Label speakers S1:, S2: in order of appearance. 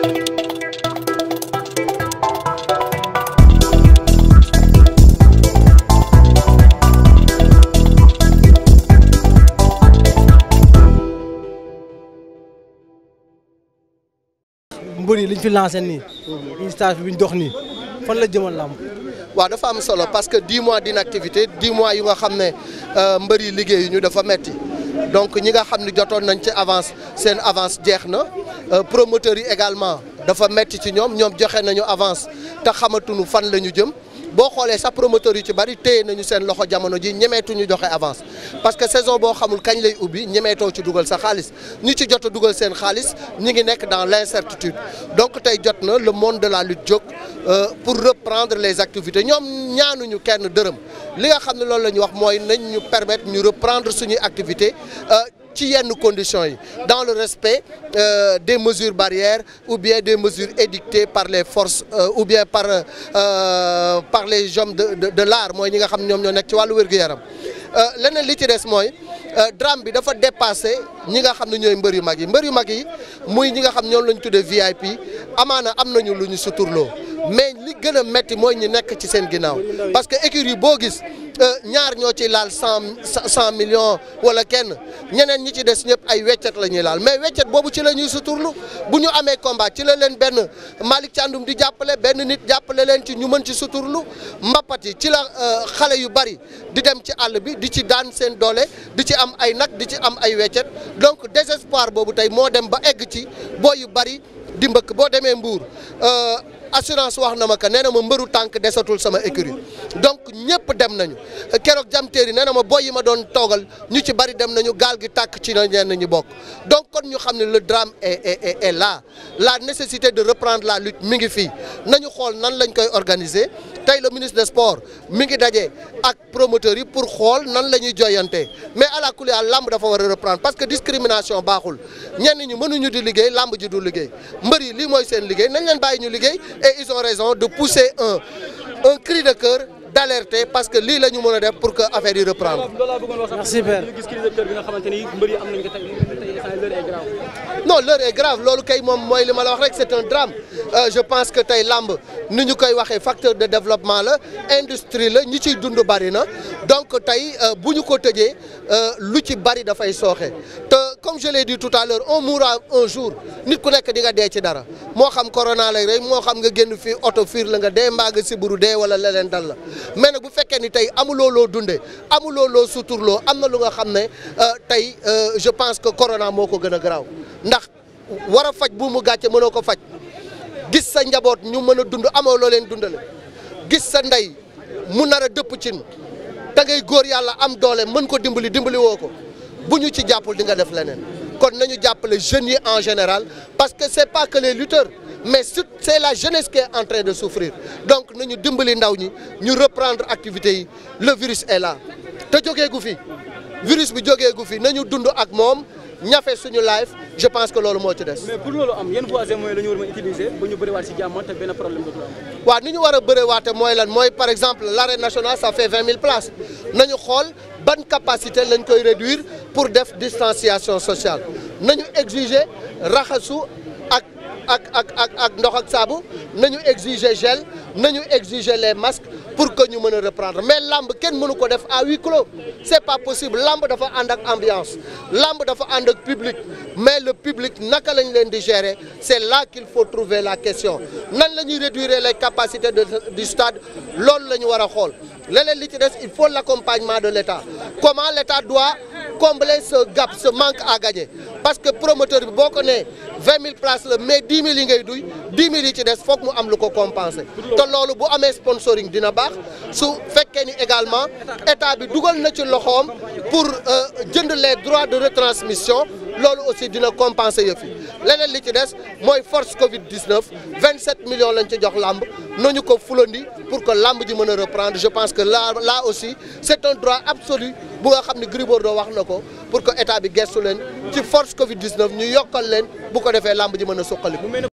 S1: mbër yi liñ fi lancé nii. stage bi ñu dox nii fan la jëmal làmb. waaw dafa am solo parce que 10 mois d'inactivité 10 mois yu nga xam ne euh, mbër yi liggéey ñu dafa metti donc ñi nga xam ne jotoon nañ ci avance seen avance jeex na Euh, promoteurs yi également dafa metti ci ñoom ñoom joxe nañu avance te xamatuñu fan la ñu jëm boo xoolee sax promoteurs yi ci bari téye nañu seen loxo jamono ji ñemeetuñu joxe avance parce que saison boo xamul kañ lay ubbi ñemeetoo ci dugal sa xaalis ñu ci jot a dugal seen xaalis ñi ngi nekk dans l'incertitude donc tey jot na le monde de la lutte jóg euh, pour reprendre les activités ñoom ñaanu ñu kenn dërëm li nga xam ne loolu la ñu wax mooy nañ ñu permettre ñu reprendre suñuy activité euh, ci yenn conditions yi dans le respect euh, des mesures barrières ou bien des mesures édictées par les forces euh, ou bien par euh, par les hommes de de, de mooy ñi nga xam ñoom ñoo nekk ci wàllu wér-gu-yaram euh, leneen li ci des mooy euh, drame bi dafa dépassé ñi nga xam ne ñooy mbër yu mag yi mbër yu mag yi muy ñi nga xam ñoom lañ tuddee VIP amaana am nañu lu ñu suturloo mais li gën a metti mooy ñu nekk ci seen ginnaaw parce que écurie boo gis euh, ñaar ñoo ci laal cent cent millions wala kenn ñeneen ñi ci des ñëpp ay weccet la ñuy laal mais weccet boobu ci la ñuy suturlu bu ñu amee combat ci la leen benn Malick Thiandoum di jàppale benn nit jàppale leen ci ñu mën ci suturlu mbappat yi ci la euh, xale yu bari di dem ci àll bi di ci daan seen doole di ci am ay nag di ci am ay weccet donc désespoir boobu tey moo dem ba egg ci boo yu bari di mbëkk boo demee Mbour euh, assurance wax na ma que nee na ma mbëru tànk desatul sama écurie donc ñëpp dem nañu keroog jamteer yi nee na ma boy yi ma doon toogal ñu ci bari dem nañu gaal gi tàkk ci na ñenn ñu bokk donc kon ñu xam ne le drame est est est là la nécessité de reprendre la lutte mu ngi fii nañu xool nan lañ koy organiser tey le ministre des sports mi ngi daje ak promoteurs yi pour xool nan la joyante mais à la làmb dafa war a reprendre parce que discrimination baaxul ñenn ñi mënuñu di liggéey làmb ji du liggéey mbër yi lii mooy seen liggéey nañ leen bàyyi ñu liggéey et ils ont raison de pousser un un de cœur d'alerter parce que lii la ñu mën a def pour que affaire yi reprendre. merci père. non l'heure est grave loolu kay moom mooy li ma la wax rek c'est un drame euh, je pense que tey làmb ni ñu koy waxee facteur de développement la industrie la ñi ciy dund bari na donc tey euh, bu ñu ko tëjee euh, lu ci bari dafay sooxe comme je l'ai dit tout à l'heure on jour nit ku nekk di nga dee ci dara moo xam corona lay rey moo xam nga génn fii oto fiir la nga dee mbaa nga siburu dee wala leneen dal la mais nag bu fekkee ni tey amuloo loo dundee amuloo loo suturloo am na lu nga xam ne euh, tey euh, je pense que corona moo ko gën a garaaw ndax war a faj bu mu gàccee mënoo ko faj gis sa njaboot ñu mën a dund amoo loo leen dundale gis sa ndey mu nar a dëpp cin da ngay góor yàlla am doole mën ko dimbali dimbali woo ko bu ñu ci jàppul di nga def leneen kon nañu jàppale jeunes yi en général parce que c'est pas que les lutteurs mais c'est la jeunesse qui est en train de souffrir donc nañu dimbali ndaw ñi ñu reprendre activité yi le virus est là te jógee gu fi virus bi jógee gu fi nañu dund ak moom ñafe suñu life je pense que loolu moo ci des. mais pour loolu am yan voies et moyens la a utiliser ba ñu bëriwaat ni ñu war a waate mooy lan mooy par exemple l'arène nationale ça fait vingt mille places nañu xool ban capacité lañ koy réduir pour def distanciation sociale nañu exiger raxasu ak ak ak ak ak ndox ak saabu nañu exiger gel nañu exiger les masques pour que ñu mën a reprendre mais lamb kenn mënu ko def à huis clos c'est pas possible lamb dafa ànd ak ambiance làmb dafa ànd ak public mais le public naka lañ leen di gérer c'est là qu'il faut trouver la question nan la ñuy réduire les capacités de du stade loolu la ñu war xool leneen li ci des il faut l'accompagnement de l'État comment l'État doit combler ce gap ce manque à gagner parce que promoteur bi boo ko nee vingt mille places la mais dix mille yi ngay duy dix mille yi ci des foog mu am lu ko compenser te loolu bu amee sponsoring dina baax su fekkee ni également état bi dugal na ci loxoom pour euh, jënd les droits de retransmission loolu aussi dina compenser yëf fi leneen li ci des mooy force Covid 19 27 millions lañ ci jox làmb nañu ko fulandi pour que làmb ji mën a reprendre je pense que là là aussi c'est un droit absolu bu nga xam ne Gris Bordeaux wax na ko pour que état bi gestu leen ci force Covid 19 ñu yokkal leen bu ko defee làmb ji mën a suqali